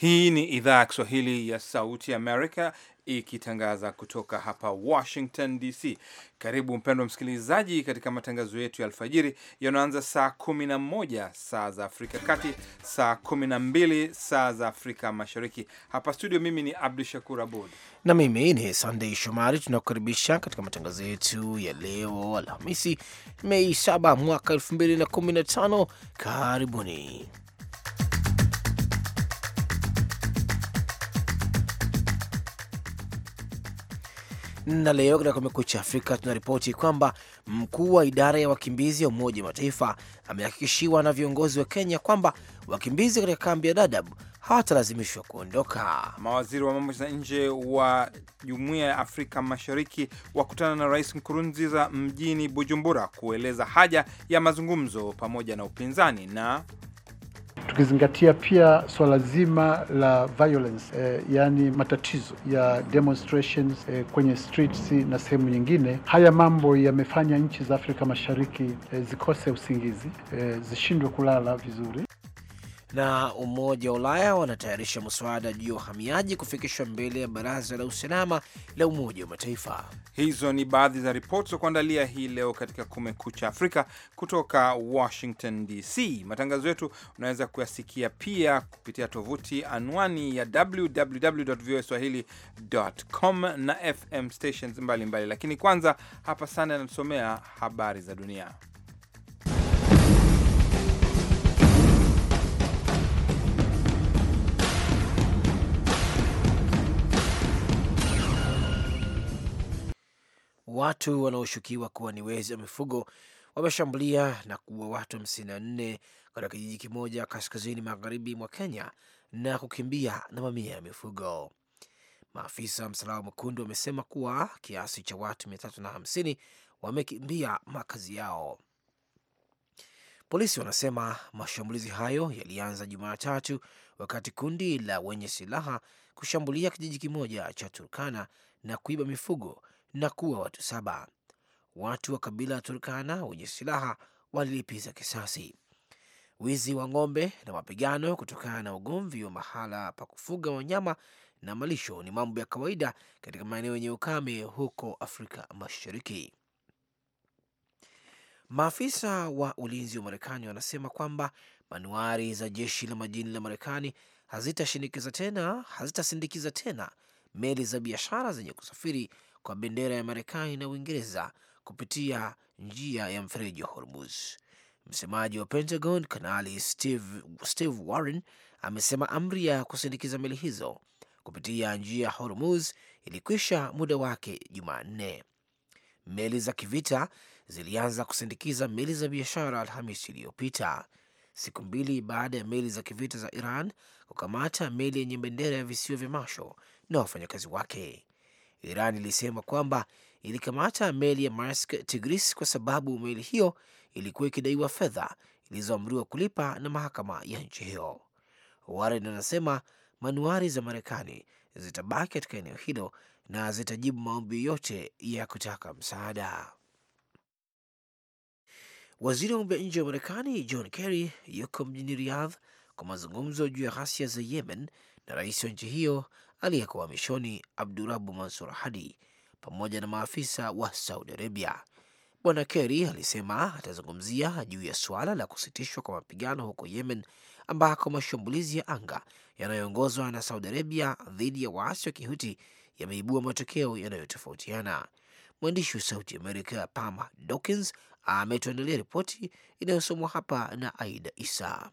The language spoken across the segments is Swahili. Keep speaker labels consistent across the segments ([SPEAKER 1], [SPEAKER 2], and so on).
[SPEAKER 1] Hii ni idhaa ya Kiswahili ya Sauti Amerika ikitangaza kutoka hapa Washington DC. Karibu mpendwa msikilizaji, katika matangazo yetu ya alfajiri yanaanza saa 11 saa za Afrika Kati, saa 12 saa za Afrika Mashariki. Hapa studio, mimi ni Abdu Shakur Abud
[SPEAKER 2] na mimi ni Sandei Shomari. Tunakukaribisha katika matangazo yetu ya leo Alhamisi, Mei 7 mwaka 2015. Karibuni. Na leo katika Kumekucha Afrika tunaripoti kwamba mkuu wa idara ya wakimbizi ya Umoja wa Mataifa amehakikishiwa na viongozi wa Kenya kwamba wakimbizi katika kambi ya Dadaab hawatalazimishwa kuondoka.
[SPEAKER 1] Mawaziri wa mambo za nje wa Jumuiya ya Afrika Mashariki wakutana na Rais Nkurunziza mjini Bujumbura kueleza haja ya mazungumzo pamoja na upinzani na
[SPEAKER 3] ukizingatia pia swala zima la violence eh, yaani matatizo ya demonstrations eh, kwenye streets na sehemu nyingine. Haya mambo yamefanya nchi za Afrika Mashariki eh, zikose usingizi eh, zishindwe kulala vizuri
[SPEAKER 2] na Umoja wa Ulaya wanatayarisha mswada juu ya uhamiaji kufikishwa mbele ya Baraza la Usalama
[SPEAKER 1] la Umoja wa Mataifa. Hizo ni baadhi za ripoti za kuandalia hii leo katika Kumekucha Afrika kutoka Washington DC. Matangazo yetu unaweza kuyasikia pia kupitia tovuti anwani ya www voa swahili.com na FM stations mbalimbali mbali. Lakini kwanza hapa sana anatusomea habari za dunia.
[SPEAKER 2] Watu wanaoshukiwa kuwa ni wezi wa mifugo wameshambulia na kuua watu 54 katika kijiji kimoja kaskazini magharibi mwa Kenya na kukimbia na mamia ya mifugo. Maafisa wa Msalaba Mwekundu wamesema kuwa kiasi cha watu 350 wamekimbia makazi yao. Polisi wanasema mashambulizi hayo yalianza Jumatatu wakati kundi la wenye silaha kushambulia kijiji kimoja cha Turkana na kuiba mifugo na kuwa watu saba. Watu wa kabila la Turkana wenye silaha walilipiza kisasi. Wizi wa ng'ombe na mapigano kutokana na ugomvi wa mahala pa kufuga wanyama na malisho ni mambo ya kawaida katika maeneo yenye ukame huko Afrika Mashariki. Maafisa wa ulinzi wa Marekani wanasema kwamba manuari za jeshi la majini la Marekani hazitashinikiza tena hazitasindikiza tena meli za biashara zenye kusafiri kwa bendera ya Marekani na Uingereza kupitia njia ya mfereji wa Hormuz. Msemaji wa Pentagon Kanali Steve, Steve Warren amesema amri ya kusindikiza meli hizo kupitia njia ya Hormuz ilikwisha muda wake Jumanne. Meli za kivita zilianza kusindikiza meli za biashara Alhamisi iliyopita, siku mbili baada ya meli za kivita za Iran kukamata meli yenye bendera ya visiwa vya Masho na wafanyakazi wake. Iran ilisema kwamba ilikamata meli ya Maersk Tigris kwa sababu meli hiyo ilikuwa ikidaiwa fedha ilizoamriwa kulipa na mahakama ya nchi hiyo. Warren anasema manuari za Marekani zitabaki katika eneo hilo na zitajibu maombi yote ya kutaka msaada. Waziri wa mambo ya nje wa Marekani John Kerry yuko mjini Riyadh kwa mazungumzo juu ya ghasia za Yemen na rais wa nchi hiyo aliyekuwa uhamishoni Abdurabu Mansur Hadi pamoja na maafisa wa Saudi Arabia. Bwana Kerry alisema atazungumzia juu ya suala la kusitishwa kwa mapigano huko Yemen, ambako mashambulizi ya anga yanayoongozwa na Saudi Arabia dhidi ya waasi wa Kihuti yameibua matokeo yanayotofautiana. Mwandishi wa Sauti Amerika Pam Dawkins ametuandalia ripoti inayosomwa hapa na Aida Isa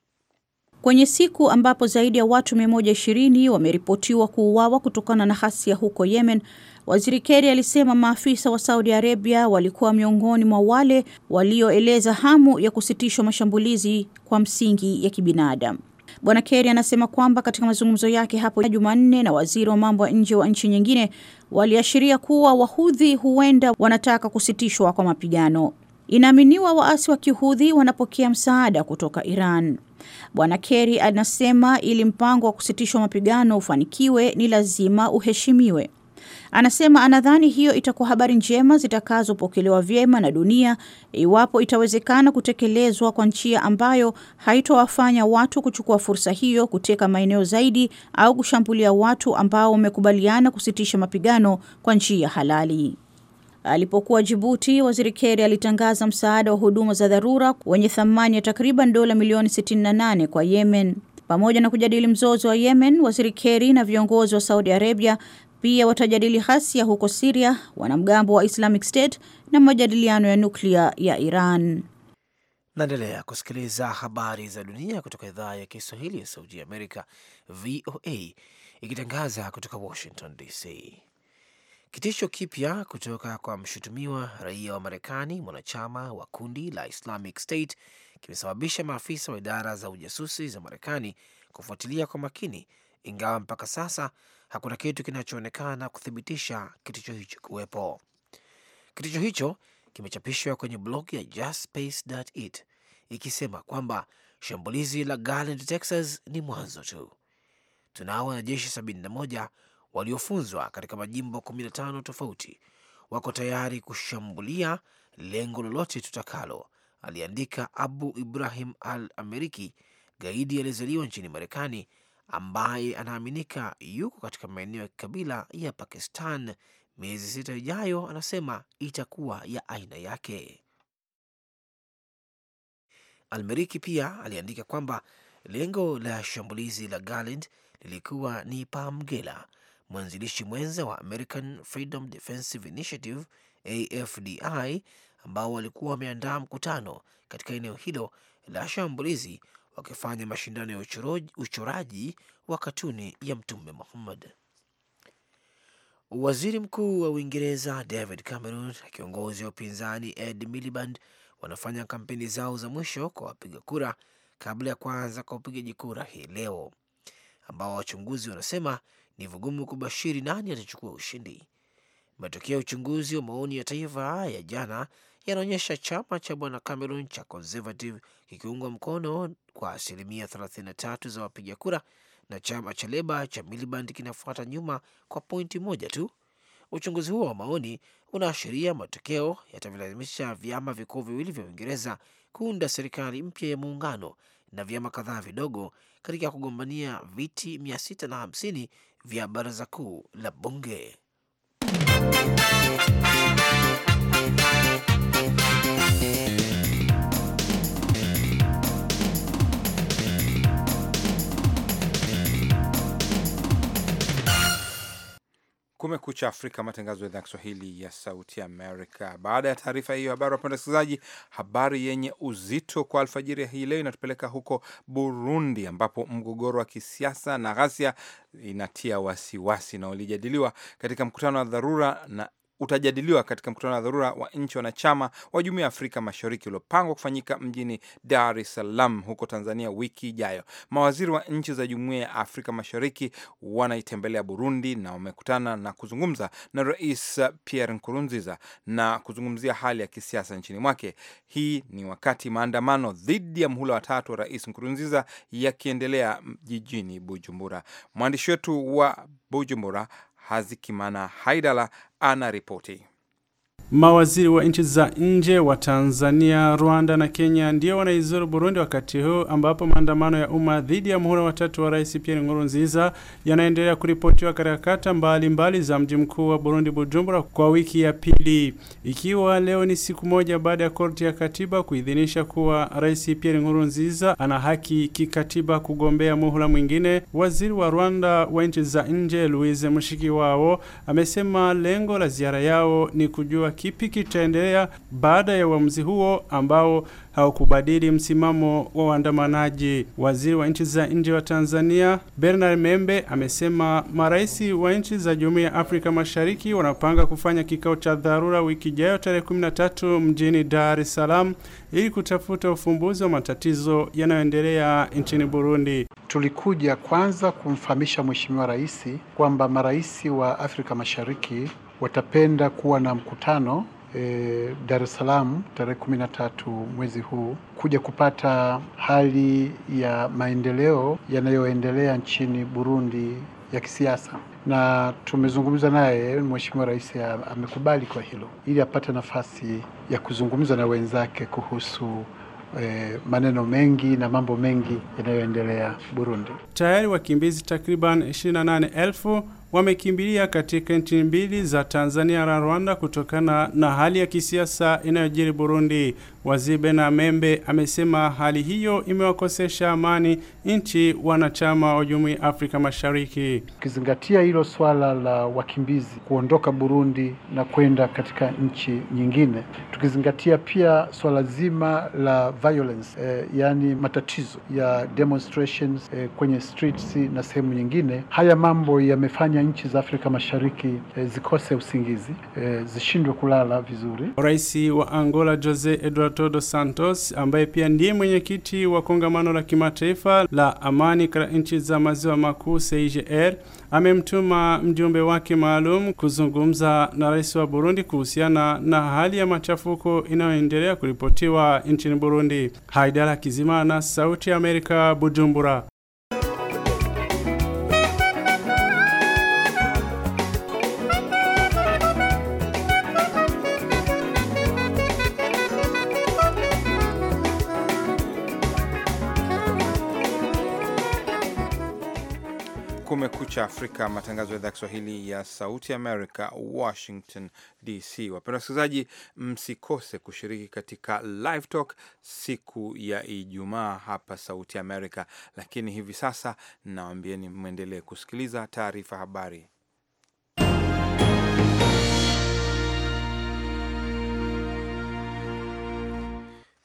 [SPEAKER 4] kwenye siku ambapo zaidi ya watu 120 wameripotiwa kuuawa kutokana na ghasia huko Yemen. Waziri Kerry alisema maafisa wa Saudi Arabia walikuwa miongoni mwa wale walioeleza hamu ya kusitishwa mashambulizi kwa msingi ya kibinadamu. Bwana Kerry anasema kwamba katika mazungumzo yake hapo Jumanne na waziri wa mambo ya nje wa nchi nyingine waliashiria kuwa Wahudhi huenda wanataka kusitishwa kwa mapigano. Inaaminiwa waasi wa Kihudhi wanapokea msaada kutoka Iran. Bwana Kerry anasema ili mpango wa kusitishwa mapigano ufanikiwe ni lazima uheshimiwe. Anasema anadhani hiyo itakuwa habari njema zitakazopokelewa vyema na dunia iwapo itawezekana kutekelezwa kwa njia ambayo haitowafanya watu kuchukua fursa hiyo kuteka maeneo zaidi au kushambulia watu ambao wamekubaliana kusitisha mapigano kwa njia halali. Alipokuwa Jibuti, Waziri Kerry alitangaza msaada wa huduma za dharura wenye thamani ya takriban dola milioni 68 kwa Yemen. Pamoja na kujadili mzozo wa Yemen, Waziri Kerry na viongozi wa Saudi Arabia pia watajadili ghasia huko Siria, wanamgambo wa Islamic State na majadiliano ya nuklia ya Iran.
[SPEAKER 2] Naendelea kusikiliza habari za dunia kutoka idhaa ya Kiswahili ya Sauti ya Amerika, VOA, ikitangaza kutoka Washington DC. Kitisho kipya kutoka kwa mshutumiwa raia wa Marekani, mwanachama wa kundi la Islamic State, kimesababisha maafisa wa idara za ujasusi za Marekani kufuatilia kwa makini, ingawa mpaka sasa hakuna kitu kinachoonekana kuthibitisha kitisho hicho kuwepo. Kitisho hicho kimechapishwa kwenye blog ya justpace.it ikisema kwamba shambulizi la Garland, Texas ni mwanzo tu. Tunao wanajeshi 71 waliofunzwa katika majimbo 15 tofauti wako tayari kushambulia lengo lolote tutakalo, aliandika Abu Ibrahim Al Ameriki, gaidi aliyezaliwa nchini Marekani ambaye anaaminika yuko katika maeneo ya kikabila ya Pakistan. Miezi sita ijayo, anasema itakuwa ya aina yake. Almeriki pia aliandika kwamba lengo la shambulizi la Garland lilikuwa ni Pamgela, mwanzilishi mwenza wa American Freedom Defensive Initiative AFDI, ambao walikuwa wameandaa mkutano katika eneo hilo la shambulizi wakifanya mashindano ya uchoraji wa katuni ya Mtume Muhammad. Waziri Mkuu wa Uingereza David Cameron na kiongozi wa upinzani Ed Miliband wanafanya kampeni zao za mwisho kwa wapiga kura kabla ya kuanza kwa upigaji kura hii leo, ambao wachunguzi wanasema ni vigumu kubashiri nani atachukua ushindi. Matokeo ya uchunguzi wa maoni ya taifa ya jana yanaonyesha chama cha bwana Cameron cha Conservative kikiungwa mkono kwa asilimia 33 za wapiga kura na chama cha Leba cha Miliband kinafuata nyuma kwa pointi moja tu. Uchunguzi huo wa maoni unaashiria matokeo yatavilazimisha vyama vikuu viwili vya Uingereza kuunda serikali mpya ya muungano na vyama kadhaa vidogo katika kugombania viti 650 vya baraza kuu la bunge.
[SPEAKER 1] Kumekucha Afrika, matangazo ya idhaa Kiswahili ya Sauti Amerika. Baada ya taarifa hiyo habari, wapenda wasikilizaji, habari yenye uzito kwa alfajiri hii leo inatupeleka huko Burundi, ambapo mgogoro wa kisiasa na ghasia inatia wasiwasi na ulijadiliwa katika mkutano wa dharura na utajadiliwa katika mkutano wa dharura wa nchi wanachama wa Jumuiya ya Afrika Mashariki uliopangwa kufanyika mjini Dar es Salaam huko Tanzania wiki ijayo. Mawaziri wa nchi za Jumuiya ya Afrika Mashariki wanaitembelea Burundi na wamekutana na kuzungumza na Rais Pierre Nkurunziza na kuzungumzia hali ya kisiasa nchini mwake. Hii ni wakati maandamano dhidi ya mhula watatu wa Rais Nkurunziza yakiendelea jijini Bujumbura. Mwandishi wetu wa Bujumbura Hazikimana Haidala anaripoti.
[SPEAKER 5] Mawaziri wa nchi za nje wa Tanzania, Rwanda na Kenya ndio wanaizuru Burundi wakati huu ambapo maandamano ya umma dhidi ya muhula watatu wa Rais Pierre Nkurunziza yanaendelea kuripotiwa katika kata mbalimbali za mji mkuu wa Burundi, Bujumbura, kwa wiki ya pili, ikiwa leo ni siku moja baada ya korti ya katiba kuidhinisha kuwa Rais Pierre Nkurunziza ana haki kikatiba kugombea muhula mwingine. Waziri wa Rwanda wa nchi za nje Louise Mushikiwabo amesema lengo la ziara yao ni kujua kipi kitaendelea baada ya uamuzi huo ambao haukubadili msimamo wa waandamanaji. Waziri wa nchi za nje wa Tanzania Bernard Membe amesema marais wa nchi za Jumuiya ya Afrika Mashariki wanapanga kufanya kikao cha dharura wiki ijayo tarehe 13 mjini Dar es Salaam ili kutafuta ufumbuzi wa matatizo yanayoendelea nchini Burundi. Tulikuja
[SPEAKER 3] kwanza kumfahamisha Mheshimiwa Rais kwamba marais wa Afrika Mashariki watapenda kuwa na mkutano e, Dar es Salaam tarehe 13 mwezi huu kuja kupata hali ya maendeleo yanayoendelea nchini Burundi ya kisiasa na tumezungumza naye, Mheshimiwa Rais amekubali kwa hilo, ili apate nafasi ya kuzungumza na wenzake kuhusu eh, maneno mengi na mambo mengi yanayoendelea Burundi.
[SPEAKER 5] Tayari wakimbizi takriban 28,000 wamekimbilia katika nchi mbili za Tanzania na Rwanda kutokana na hali ya kisiasa inayojiri Burundi. Wazibe na Membe amesema hali hiyo imewakosesha amani nchi wanachama wa Jumuiya Afrika Mashariki.
[SPEAKER 3] Ukizingatia hilo swala la wakimbizi kuondoka Burundi na kwenda katika nchi nyingine, tukizingatia pia swala zima la violence eh, yani matatizo ya demonstrations eh, kwenye streets na sehemu nyingine, haya mambo yamefanya kufanya nchi za Afrika Mashariki e, zikose usingizi e, zishindwe kulala vizuri.
[SPEAKER 5] Rais wa Angola Jose Eduardo dos Santos ambaye pia ndiye mwenyekiti wa kongamano la kimataifa la amani katika nchi za maziwa makuu CIGR amemtuma mjumbe wake maalum kuzungumza na rais wa Burundi kuhusiana na hali ya machafuko inayoendelea kuripotiwa nchini Burundi. Haidara Kizimana, Sauti ya Amerika, Bujumbura.
[SPEAKER 1] Kumekucha Afrika, matangazo ya idhaa Kiswahili ya Sauti Amerika, Washington DC. Wapenda wasikilizaji, msikose kushiriki katika Live Talk siku ya Ijumaa hapa Sauti Amerika, lakini hivi sasa nawaambieni mwendelee kusikiliza taarifa habari.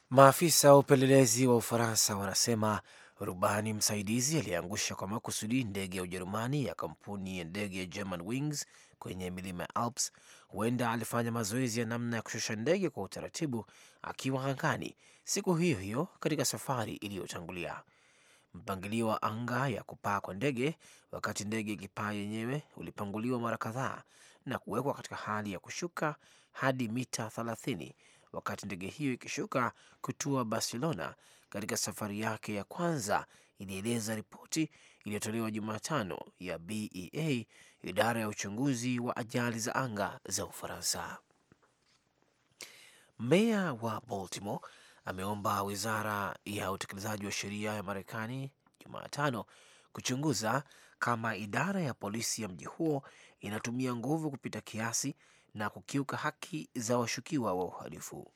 [SPEAKER 2] Maafisa wa upelelezi wa Ufaransa wanasema rubani msaidizi aliyeangusha kwa makusudi ndege ya Ujerumani ya kampuni ya ndege ya German Wings kwenye milima ya Alps huenda alifanya mazoezi ya namna ya kushusha ndege kwa utaratibu akiwa angani siku hiyo hiyo katika safari iliyotangulia. Mpangilio wa anga ya kupaa kwa ndege wakati ndege ikipaa yenyewe ulipanguliwa mara kadhaa na kuwekwa katika hali ya kushuka hadi mita 30 wakati ndege hiyo ikishuka kutua Barcelona katika safari yake ya kwanza, ilieleza ripoti iliyotolewa Jumatano ya BEA, idara ya uchunguzi wa ajali za anga za Ufaransa. Meya wa Baltimore ameomba wizara ya utekelezaji wa sheria ya Marekani Jumatano kuchunguza kama idara ya polisi ya mji huo inatumia nguvu kupita kiasi na kukiuka haki za washukiwa wa uhalifu.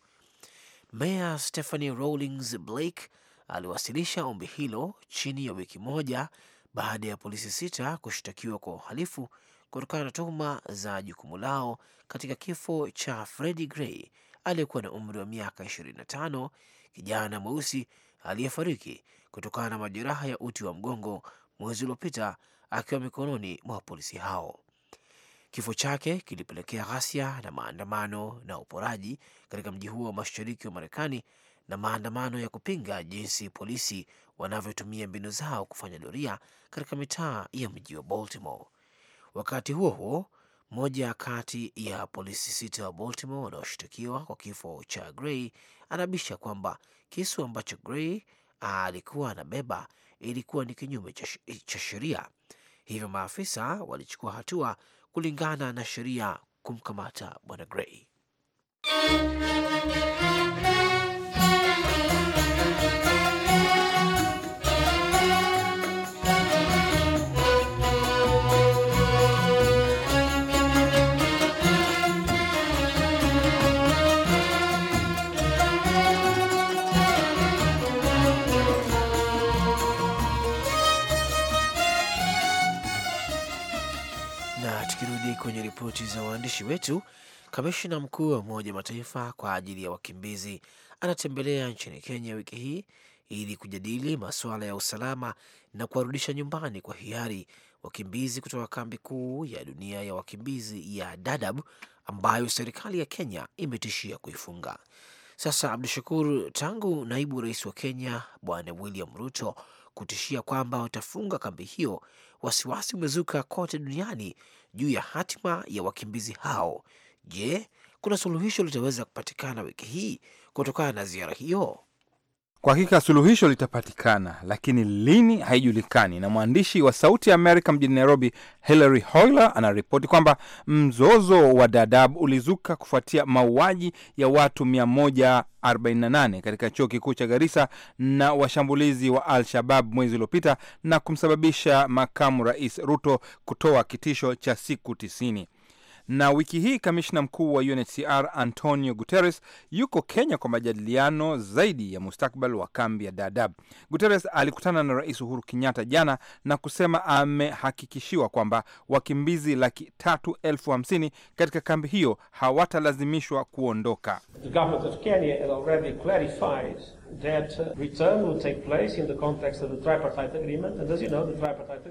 [SPEAKER 2] Meya Stephanie Rawlings Blake aliwasilisha ombi hilo chini ya wiki moja baada ya polisi sita kushtakiwa kwa uhalifu kutokana na tuhuma za jukumu lao katika kifo cha Freddie Gray aliyekuwa na umri wa miaka 25, kijana mweusi aliyefariki kutokana na majeraha ya uti wa mgongo mwezi uliopita akiwa mikononi mwa polisi hao. Kifo chake kilipelekea ghasia na maandamano na uporaji katika mji huo wa mashariki wa Marekani na maandamano ya kupinga jinsi polisi wanavyotumia mbinu zao kufanya doria katika mitaa ya mji wa Baltimore. Wakati huo huo, mmoja kati ya polisi sita wa Baltimore wanaoshtakiwa kwa kifo cha Gray anabisha kwamba kisu ambacho Gray alikuwa anabeba ilikuwa ni kinyume cha sheria, hivyo maafisa walichukua hatua kulingana na sheria kumkamata bwana Gray. ripoti za waandishi wetu, kamishna mkuu wa Umoja Mataifa kwa ajili ya wakimbizi anatembelea nchini Kenya wiki hii ili kujadili masuala ya usalama na kuwarudisha nyumbani kwa hiari wakimbizi kutoka kambi kuu ya dunia ya wakimbizi ya Dadaab ambayo serikali ya Kenya imetishia kuifunga. Sasa Abdu Shakur, tangu naibu rais wa Kenya Bwana William Ruto kutishia kwamba watafunga kambi hiyo, wasiwasi umezuka kote duniani juu ya hatima ya wakimbizi hao. Je, kuna suluhisho litaweza kupatikana wiki hii kutokana na ziara hiyo?
[SPEAKER 1] Kwa hakika suluhisho litapatikana, lakini lini haijulikani. Na mwandishi wa Sauti ya Amerika mjini Nairobi, Hilary Hoyler, anaripoti kwamba mzozo wa Dadaab ulizuka kufuatia mauaji ya watu 148 katika chuo kikuu cha Garissa na washambulizi wa Al-Shabab mwezi uliopita na kumsababisha makamu rais Ruto kutoa kitisho cha siku tisini. Na wiki hii kamishna mkuu wa UNHCR Antonio Guterres yuko Kenya kwa majadiliano zaidi ya mustakbal wa kambi ya Dadaab. Guterres alikutana na Rais Uhuru Kenyatta jana na kusema amehakikishiwa kwamba wakimbizi laki tatu elfu hamsini katika kambi hiyo hawatalazimishwa kuondoka.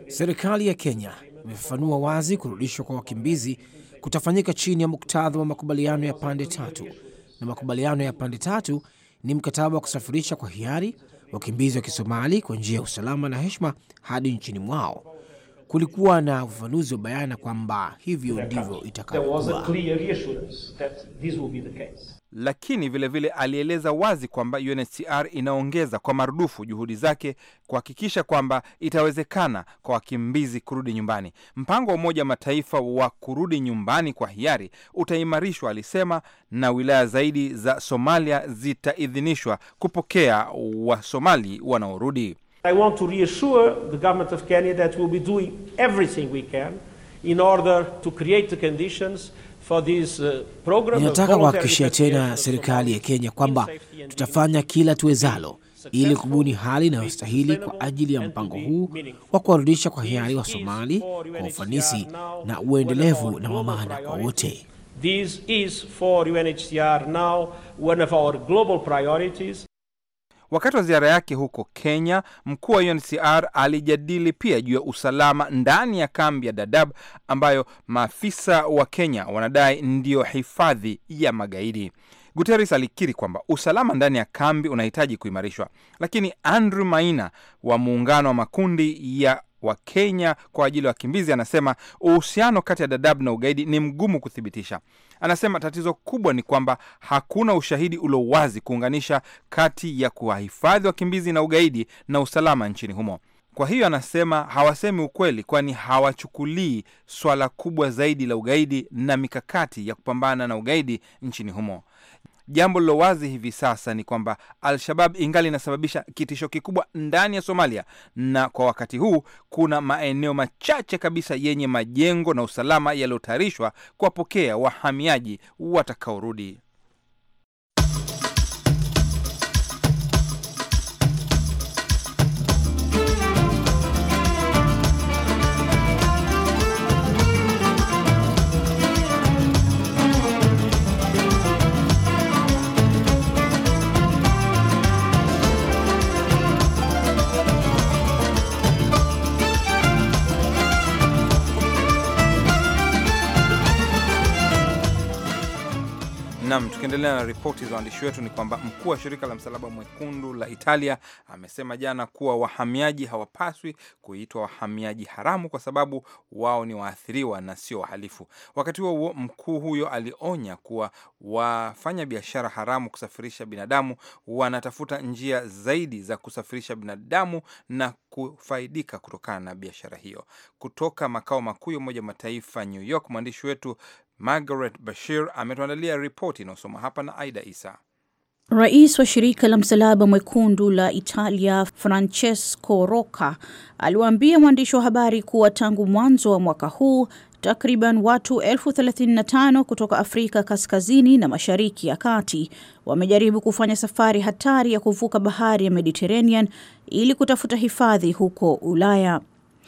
[SPEAKER 2] Serikali ya Kenya imefafanua wazi kurudishwa kwa wakimbizi kutafanyika chini ya muktadha wa makubaliano ya pande tatu, na makubaliano ya pande tatu ni mkataba wa kusafirisha kwa hiari wakimbizi wa Kisomali kwa njia ya usalama na heshima hadi nchini mwao kulikuwa na ufafanuzi wa bayana kwamba hivyo ndivyo itakavyokuwa.
[SPEAKER 1] Lakini vilevile vile alieleza wazi kwamba UNHCR inaongeza kwa marudufu juhudi zake kuhakikisha kwamba itawezekana kwa wakimbizi kurudi nyumbani. Mpango wa Umoja Mataifa wa kurudi nyumbani kwa hiari utaimarishwa, alisema, na wilaya zaidi za Somalia zitaidhinishwa kupokea Wasomali wanaorudi.
[SPEAKER 5] I want to reassure the government of Kenya that we'll be doing everything we can in order to create the conditions for this uh, program. Ninataka kuhakikishia tena
[SPEAKER 2] serikali ya Kenya kwamba tutafanya kila tuwezalo ili kubuni hali inayostahili kwa ajili ya mpango huu wa kuwarudisha kwa hiari wa Somali kwa ufanisi na uendelevu na wa maana kwa wote.
[SPEAKER 5] This is for UNHCR now one of our global priorities.
[SPEAKER 1] Wakati wa ziara yake huko Kenya, mkuu wa UNHCR alijadili pia juu ya usalama ndani ya kambi ya Dadaab ambayo maafisa wa Kenya wanadai ndiyo hifadhi ya magaidi. Guterres alikiri kwamba usalama ndani ya kambi unahitaji kuimarishwa, lakini Andrew Maina wa muungano wa makundi ya Wakenya kwa ajili ya wakimbizi anasema uhusiano kati ya Dadaab na ugaidi ni mgumu kuthibitisha. Anasema tatizo kubwa ni kwamba hakuna ushahidi ulio wazi kuunganisha kati ya kuwahifadhi wakimbizi na ugaidi na usalama nchini humo. Kwa hiyo anasema hawasemi ukweli, kwani hawachukulii swala kubwa zaidi la ugaidi na mikakati ya kupambana na ugaidi nchini humo. Jambo lilo wazi hivi sasa ni kwamba Al-Shabab ingali inasababisha kitisho kikubwa ndani ya Somalia, na kwa wakati huu kuna maeneo machache kabisa yenye majengo na usalama yaliyotayarishwa kuwapokea wahamiaji watakaorudi. Tukiendelea na ripoti za waandishi wetu ni kwamba mkuu wa shirika la Msalaba Mwekundu la Italia amesema jana kuwa wahamiaji hawapaswi kuitwa wahamiaji haramu kwa sababu wao ni waathiriwa na sio wahalifu. Wakati huo huo, mkuu huyo alionya kuwa wafanya biashara haramu kusafirisha binadamu wanatafuta njia zaidi za kusafirisha binadamu na kufaidika kutokana na biashara hiyo. Kutoka makao makuu ya Umoja Mataifa New York, mwandishi wetu Margaret Bashir ametuandalia ripoti inayosoma hapa na Aida Isa.
[SPEAKER 4] Rais wa shirika la Msalaba Mwekundu la Italia Francesco Rocca aliwaambia mwandishi wa habari kuwa tangu mwanzo wa mwaka huu takriban watu elfu 35 kutoka Afrika kaskazini na mashariki ya kati wamejaribu kufanya safari hatari ya kuvuka bahari ya Mediterranean ili kutafuta hifadhi huko Ulaya.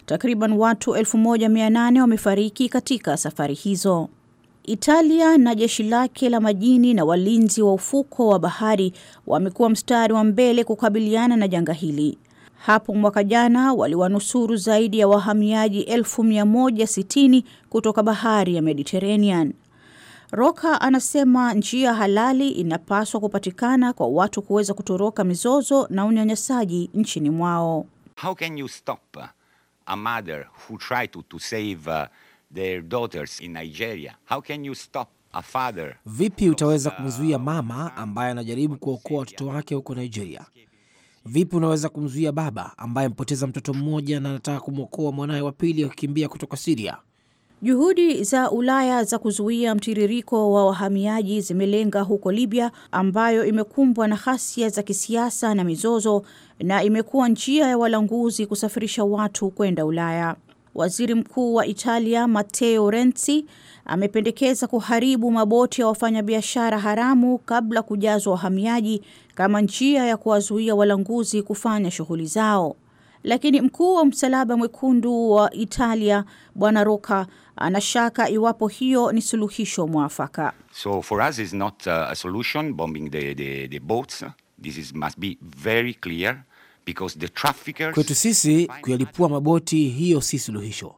[SPEAKER 4] Takriban watu 1800 wamefariki katika safari hizo. Italia na jeshi lake la majini na walinzi wa ufuko wa bahari wamekuwa mstari wa mbele kukabiliana na janga hili. Hapo mwaka jana waliwanusuru zaidi ya wahamiaji 1160 kutoka bahari ya Mediterranean. Roka anasema njia halali inapaswa kupatikana kwa watu kuweza kutoroka mizozo na unyanyasaji nchini mwao.
[SPEAKER 1] How can you stop a mother who tried to, to save uh, their daughters in Nigeria. How can you stop a father?
[SPEAKER 2] Vipi utaweza kumzuia mama ambaye anajaribu kuokoa watoto wake huko Nigeria? Vipi unaweza kumzuia baba ambaye amepoteza mtoto mmoja na anataka kumwokoa mwanawe wa pili akikimbia kutoka Siria?
[SPEAKER 4] Juhudi za Ulaya za kuzuia mtiririko wa wahamiaji zimelenga huko Libya ambayo imekumbwa na ghasia za kisiasa na mizozo na imekuwa njia ya walanguzi kusafirisha watu kwenda Ulaya. Waziri Mkuu wa Italia Matteo Renzi amependekeza kuharibu maboti ya wafanyabiashara haramu kabla kujazwa wahamiaji kama njia ya kuwazuia walanguzi kufanya shughuli zao. Lakini mkuu wa Msalaba Mwekundu wa Italia Bwana Roka anashaka iwapo hiyo ni suluhisho mwafaka.
[SPEAKER 1] So for us is not uh, a solution bombing the, the, the boats. This is must be very clear. Kwetu
[SPEAKER 2] sisi kuyalipua maboti, hiyo si suluhisho.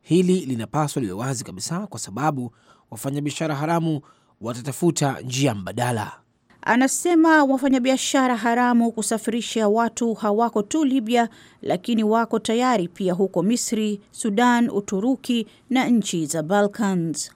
[SPEAKER 2] Hili linapaswa liwe wazi kabisa, kwa sababu wafanyabiashara
[SPEAKER 4] haramu watatafuta
[SPEAKER 2] njia mbadala.
[SPEAKER 4] Anasema wafanyabiashara haramu kusafirisha watu hawako tu Libya, lakini wako tayari pia huko Misri, Sudan, Uturuki na nchi za Balkans.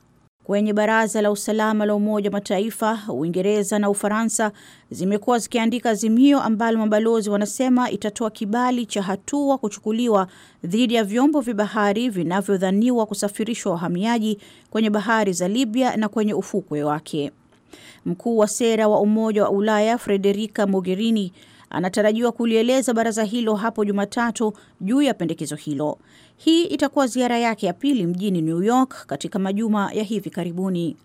[SPEAKER 4] Kwenye Baraza la Usalama la Umoja wa Mataifa, Uingereza na Ufaransa zimekuwa zikiandika azimio ambalo mabalozi wanasema itatoa kibali cha hatua kuchukuliwa dhidi ya vyombo vya bahari vinavyodhaniwa kusafirishwa wahamiaji kwenye bahari za Libya na kwenye ufukwe wake. Mkuu wa sera wa Umoja wa Ulaya Frederica Mogherini anatarajiwa kulieleza baraza hilo hapo Jumatatu juu ya pendekezo hilo. Hii itakuwa ziara yake ya pili mjini New York katika majuma ya hivi karibuni.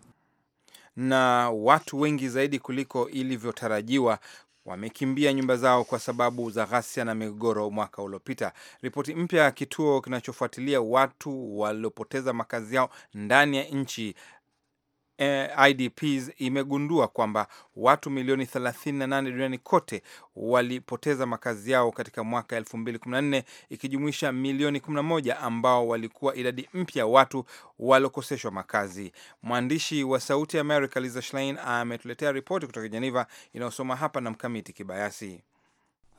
[SPEAKER 1] Na watu wengi zaidi kuliko ilivyotarajiwa wamekimbia nyumba zao kwa sababu za ghasia na migogoro mwaka uliopita. Ripoti mpya ya kituo kinachofuatilia watu waliopoteza makazi yao ndani ya nchi eh, IDPs imegundua kwamba watu milioni 38 duniani kote walipoteza makazi yao katika mwaka 2014 ikijumuisha milioni 11 ambao walikuwa idadi mpya watu waliokoseshwa makazi. Mwandishi wa Sauti ya America Lisa Schlein ametuletea ripoti kutoka Geneva inayosoma hapa na Mkamiti Kibayasi.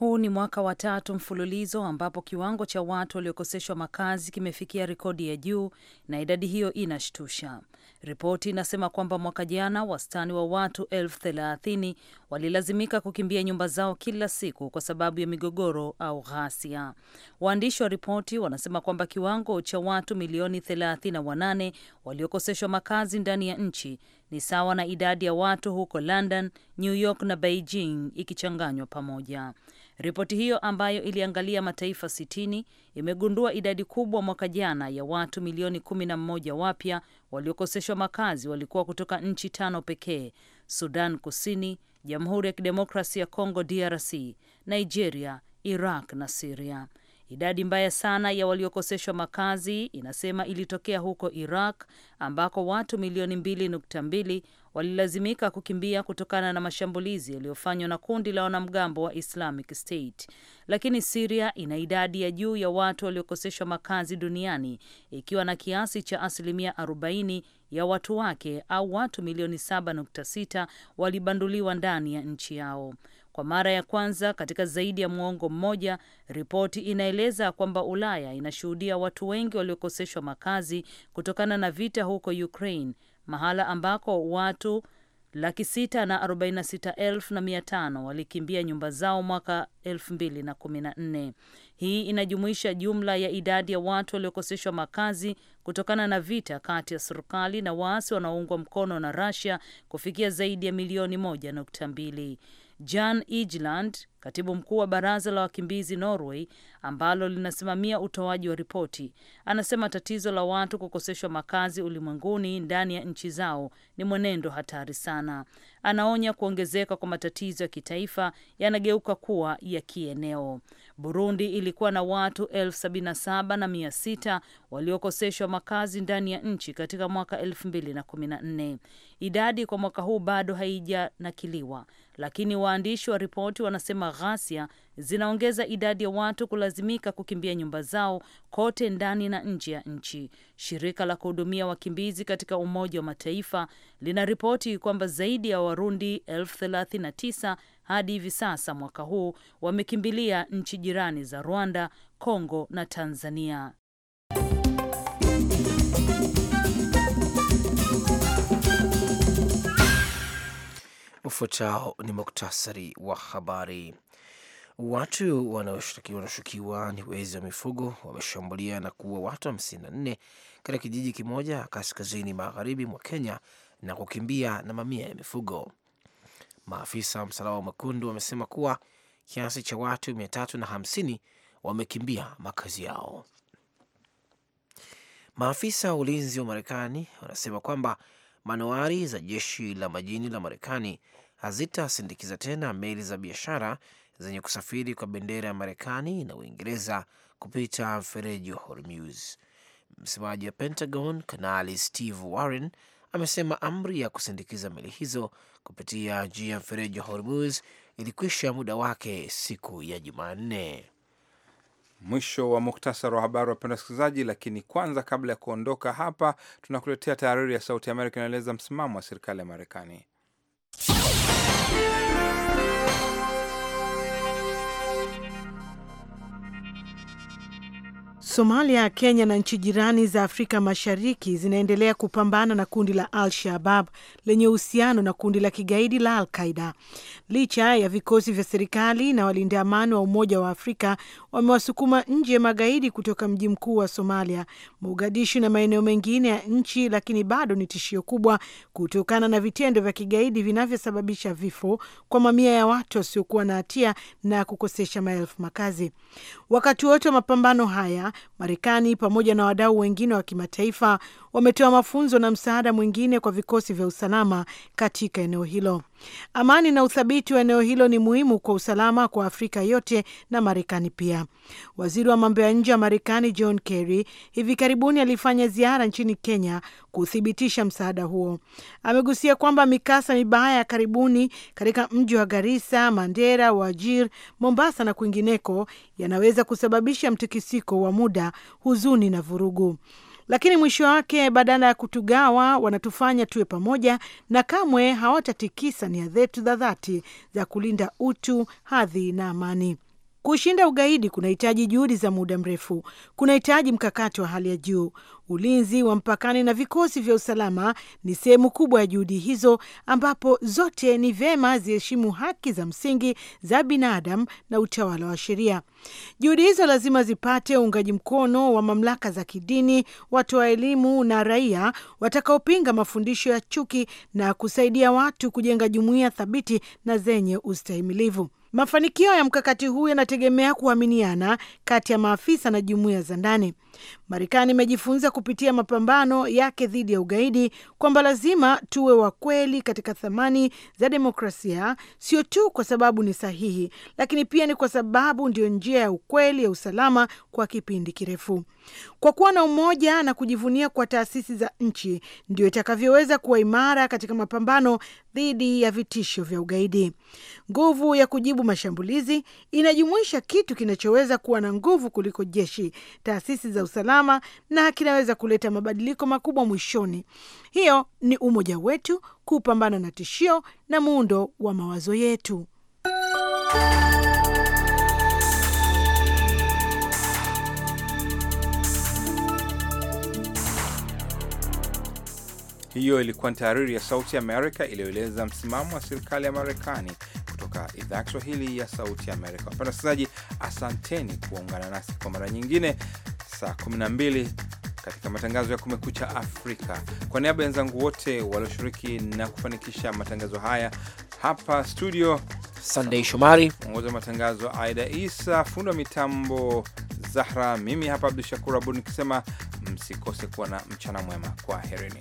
[SPEAKER 6] Huu ni mwaka wa tatu mfululizo ambapo kiwango cha watu waliokoseshwa makazi kimefikia rekodi ya juu na idadi hiyo inashtusha. Ripoti inasema kwamba mwaka jana wastani wa watu elfu thelathini walilazimika kukimbia nyumba zao kila siku kwa sababu ya migogoro au ghasia. Waandishi wa ripoti wanasema kwamba kiwango cha watu milioni thelathini na wanane waliokoseshwa makazi ndani ya nchi ni sawa na idadi ya watu huko London, New York na Beijing ikichanganywa pamoja. Ripoti hiyo ambayo iliangalia mataifa 60 imegundua idadi kubwa mwaka jana ya watu milioni 11 wapya waliokoseshwa makazi walikuwa kutoka nchi tano pekee: Sudan Kusini, Jamhuri ya Kidemokrasi ya Kongo DRC, Nigeria, Iraq na Siria. Idadi mbaya sana ya waliokoseshwa makazi inasema ilitokea huko Iraq ambako watu milioni mbili nukta mbili walilazimika kukimbia kutokana na mashambulizi yaliyofanywa na kundi la wanamgambo wa Islamic State. Lakini Siria ina idadi ya juu ya watu waliokoseshwa makazi duniani ikiwa na kiasi cha asilimia 40 ya watu wake au watu milioni 7.6 walibanduliwa ndani ya nchi yao. Kwa mara ya kwanza katika zaidi ya mwongo mmoja, ripoti inaeleza kwamba Ulaya inashuhudia watu wengi waliokoseshwa makazi kutokana na vita huko Ukraine, mahala ambako watu laki sita na arobaini na sita elfu na mia tano walikimbia nyumba zao mwaka elfu mbili na kumi na nne. Hii inajumuisha jumla ya idadi ya watu waliokoseshwa makazi kutokana na vita kati ya serikali na waasi wanaoungwa mkono na Russia kufikia zaidi ya milioni moja nukta mbili. Jan Egeland, katibu mkuu wa baraza la wakimbizi Norway ambalo linasimamia utoaji wa ripoti, anasema tatizo la watu kukoseshwa makazi ulimwenguni ndani ya nchi zao ni mwenendo hatari sana. Anaonya kuongezeka kwa matatizo ya kitaifa yanageuka kuwa ya kieneo. Burundi ilikuwa na watu elfu sabini na saba na mia sita waliokoseshwa makazi ndani ya nchi katika mwaka elfu mbili na kumi na nne. Idadi kwa mwaka huu bado haijanakiliwa lakini waandishi wa ripoti wanasema ghasia zinaongeza idadi ya watu kulazimika kukimbia nyumba zao kote ndani na nje ya nchi. Shirika la kuhudumia wakimbizi katika Umoja wa Mataifa linaripoti kwamba zaidi ya Warundi elfu thelathini na tisa hadi hivi sasa mwaka huu wamekimbilia nchi jirani za Rwanda, Kongo na Tanzania.
[SPEAKER 2] Ufuatao ni muktasari wa habari. Watu wanaoshukiwa ni wezi wa mifugo wameshambulia na kuua watu 54 katika kijiji kimoja kaskazini magharibi mwa Kenya na kukimbia na mamia ya mifugo. Maafisa wa Msalaba Mwekundu wamesema kuwa kiasi cha watu 350 wamekimbia makazi yao. Maafisa wa ulinzi wa Marekani wanasema kwamba manowari za jeshi la majini la Marekani hazitasindikiza tena meli za biashara zenye kusafiri kwa bendera ya Marekani na Uingereza kupita mfereji wa Hormuz. Msemaji wa Pentagon Kanali Steve Warren amesema amri ya kusindikiza meli hizo kupitia njia ya mfereji wa Hormuz ilikwisha muda wake
[SPEAKER 1] siku ya Jumanne. Mwisho wa muktasari wa habari, wapenda wasikilizaji. Lakini kwanza, kabla ya kuondoka hapa, tunakuletea tahariri ya Sauti ya Amerika inaeleza msimamo wa serikali ya Marekani.
[SPEAKER 7] Somalia, Kenya na nchi jirani za Afrika Mashariki zinaendelea kupambana na kundi la Al Shabab lenye uhusiano na kundi la kigaidi la Al Qaida. Licha ya vikosi vya serikali na walinda amani wa Umoja wa Afrika wamewasukuma nje magaidi kutoka mji mkuu wa Somalia, Mogadishu, na maeneo mengine ya nchi, lakini bado ni tishio kubwa kutokana na vitendo vya kigaidi vinavyosababisha vifo kwa mamia ya watu wasiokuwa na hatia na kukosesha maelfu makazi. Wakati wote wa mapambano haya Marekani pamoja na wadau wengine wa kimataifa wametoa mafunzo na msaada mwingine kwa vikosi vya usalama katika eneo hilo. Amani na uthabiti wa eneo hilo ni muhimu kwa usalama kwa Afrika yote na Marekani pia. Waziri wa mambo ya nje wa Marekani John Kerry hivi karibuni alifanya ziara nchini Kenya kuthibitisha msaada huo. Amegusia kwamba mikasa mibaya ya karibuni katika mji wa Garissa, Mandera, Wajir, Mombasa na kwingineko yanaweza kusababisha mtikisiko wa muda, huzuni na vurugu lakini mwisho wake badala ya kutugawa wanatufanya tuwe pamoja, na kamwe hawatatikisa nia zetu za dhati za kulinda utu, hadhi na amani. Kushinda ugaidi kunahitaji juhudi za muda mrefu, kunahitaji mkakati wa hali ya juu ulinzi wa mpakani na vikosi vya usalama ni sehemu kubwa ya juhudi hizo, ambapo zote ni vyema ziheshimu haki za msingi za binadamu na utawala wa sheria. Juhudi hizo lazima zipate uungaji mkono wa mamlaka za kidini, wa elimu na raia watakaopinga mafundisho ya chuki na kusaidia watu kujenga jumuiya thabiti na zenye ustahimilivu. Mafanikio ya mkakati huu yanategemea kuaminiana kati ya maafisa na jumuiya za ndani. Marekani imejifunza kupitia mapambano yake dhidi ya ugaidi kwamba lazima tuwe wa kweli katika thamani za demokrasia, sio tu kwa sababu ni sahihi, lakini pia ni kwa sababu ndiyo njia ya ukweli ya usalama kwa kipindi kirefu. Kwa kuwa na umoja na kujivunia kwa taasisi za nchi, ndio itakavyoweza kuwa imara katika mapambano dhidi ya vitisho vya ugaidi. Nguvu ya kujibu mashambulizi inajumuisha kitu kinachoweza kuwa na nguvu kuliko jeshi, taasisi za usalama, na kinaweza kuleta mabadiliko makubwa mwishoni. Hiyo ni umoja wetu kupambana na tishio na muundo wa mawazo yetu.
[SPEAKER 1] Hiyo ilikuwa ni tahariri ya Sauti Amerika iliyoeleza msimamo wa serikali ya Marekani kutoka idhaa ya Kiswahili ya Sauti Amerika. Wapenda wasikilizaji, asanteni kuungana nasi kwa mara nyingine saa 12 katika matangazo ya Kumekucha Afrika. Kwa niaba ya wenzangu wote walioshiriki na kufanikisha matangazo haya hapa studio, Sandei Shomari mwongozi wa matangazo, Aida Isa fundi wa mitambo, Zahra, mimi hapa Abdu Shakur Abud nikisema msikose kuwa na mchana mwema, kwa herini